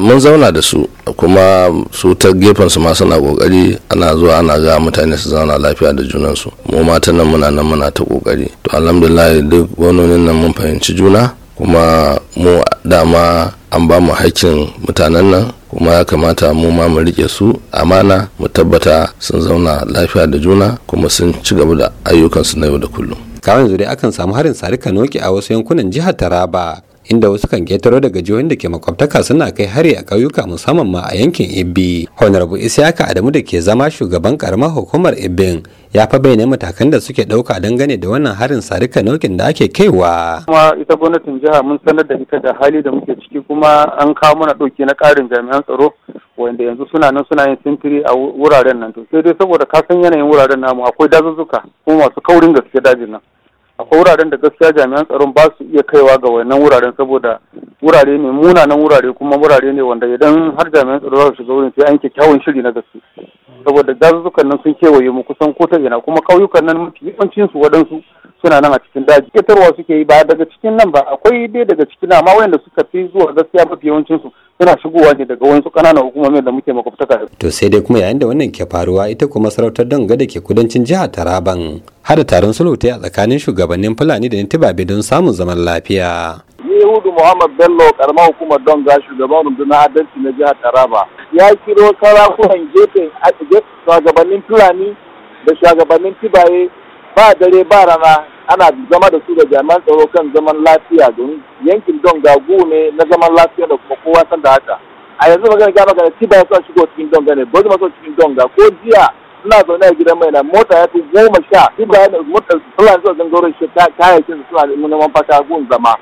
mun zauna da su kuma su ta gefen su ma suna kokari ana zuwa ana ga mutane su zauna lafiya da junansu mu mata nan muna nan muna ta kokari to alhamdulillah duk gwanonin nan mun fahimci juna kuma mu dama an ba mu hakkin mutanen nan kuma ya kamata mu ma mu rike su amana mu tabbata sun zauna lafiya da juna kuma sun ci gaba da ayyukansu na yau da kullum kawai yanzu dai akan samu harin sarika noki a wasu yankunan jihar taraba inda wasu kan ketaro daga jihohin da ke makwabtaka suna kai hari a ƙauyuka musamman ma a yankin ibbi honorable isiyaka adamu da ke zama shugaban karamar hukumar ibbin ya fa bayyana matakan da suke ɗauka gane da wannan harin sarika nauin da ake kaiwa. kuma ita gwamnatin jiha mun sanar da ita da hali da muke ciki kuma an kawo mana ɗauki na ƙarin jami'an tsaro wanda yanzu suna nan suna yin sintiri a wuraren nan to sai dai saboda ka san yanayin wuraren namu akwai dazuzzuka kuma masu kaurin gaske dajin nan akwai wuraren da gaskiya jami'an tsaron ba su iya kaiwa ga wannan wuraren saboda wurare ne munanan wurare kuma wurare ne wanda idan har jami'an tsaro za su shiga wurin sai an kyakkyawan shiri na gaske saboda dazuzzukan nan sun kewaye mu kusan ko ta ina kuma kauyukan nan mafi yawancin su waɗansu suna nan a cikin daji ketarwa suke yi ba daga cikin nan ba akwai dai daga cikin amma wayanda suka fi zuwa gaskiya mafi yawancin su suna shigowa ne daga wasu ƙananan hukumomin da muke makwabtaka to sai dai kuma yayin da wannan ke faruwa ita kuma sarautar danga da ke kudancin jihar taraban har da taron sulhu a tsakanin shugabannin fulani da tibabe don samun zaman lafiya Yahudu Muhammad Bello karamar hukumar Donga shugaban rundunar adalci na jihar Taraba ya kiro sarakunan gefen shugabannin Fulani da shugabannin Tibaye ba dare ba rana ana zama da su da jami'an tsaro kan zaman lafiya domin yankin don gagu ne na zaman lafiya da kuma kowa san da haka a yanzu magana ga gane tiba ya a shigo cikin gane ba bozu maso cikin ga ko jiya suna zaune a gidan mai na mota ya fi goma sha tiba ya mota suna zuwa gangaro shi kayayyakin su suna neman fata gun zama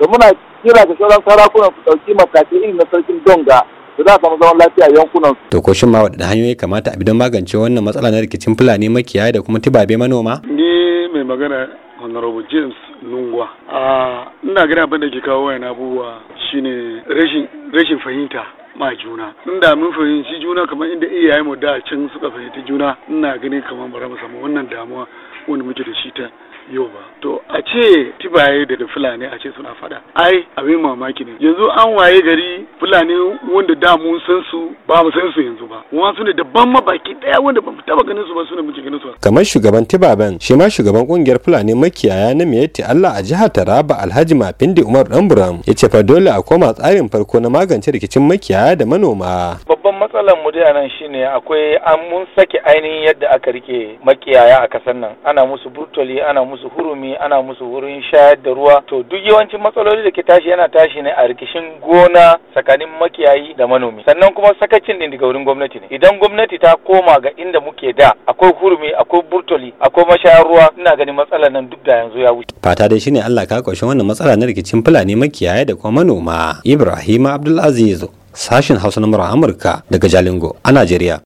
to muna kira ga sauran sarakunan su ɗauki matakin irin na sarkin ga da za a samu zaman lafiya yankunan to ko shin ma waɗanda hanyoyi kamata a bi don magance wannan matsala na rikicin fulani makiyaya da kuma tibabe manoma ni mai magana honorable james nungwa a ah, ina gani abin da ke kawo wayan abubuwa shine rashin rashin fahimta ma juna inda mun fahimci juna kamar inda iyaye mu da can suka fahimci juna ina gani kamar bara mu samu wannan damuwa wanda muke da shi ta yau ba to a ce tibaye da da fulani a ce suna fada ai abin mamaki ne yanzu an waye gari fulani wanda da mun san su ba mu san su yanzu ba kuma su ne daban mabaki daya wanda ba mu taba ganin su ba su muke ganin su kamar shugaban tibaben shi ma shugaban kungiyar fulani makiyaya na miyatti Allah a jihar Taraba Alhaji Mafindi Umar Danburam ya ce fa dole a koma tsarin farko na magance rikicin makiyaya da manoma babban matsalar mu da nan shine akwai an mun sake ainihin yadda aka rike makiyaya a kasar nan ana musu burtoli ana musu hurumi ana musu wurin shayar da ruwa to duk yawancin matsaloli da ke tashi yana tashi ne a rikishin gona tsakanin makiyayi da manomi sannan kuma sakacin din daga wurin gwamnati ne idan gwamnati ta koma ga inda muke da akwai hurumi akwai burtoli akwai mashayar ruwa ina ganin matsalar nan duk da yanzu ya wuce fata dai shine Allah ka kwashe wannan matsala na rikicin fulani makiyaya da kuma manoma Ibrahim Abdulaziz sashin Hausa na Amurka daga Jalingo a Najeriya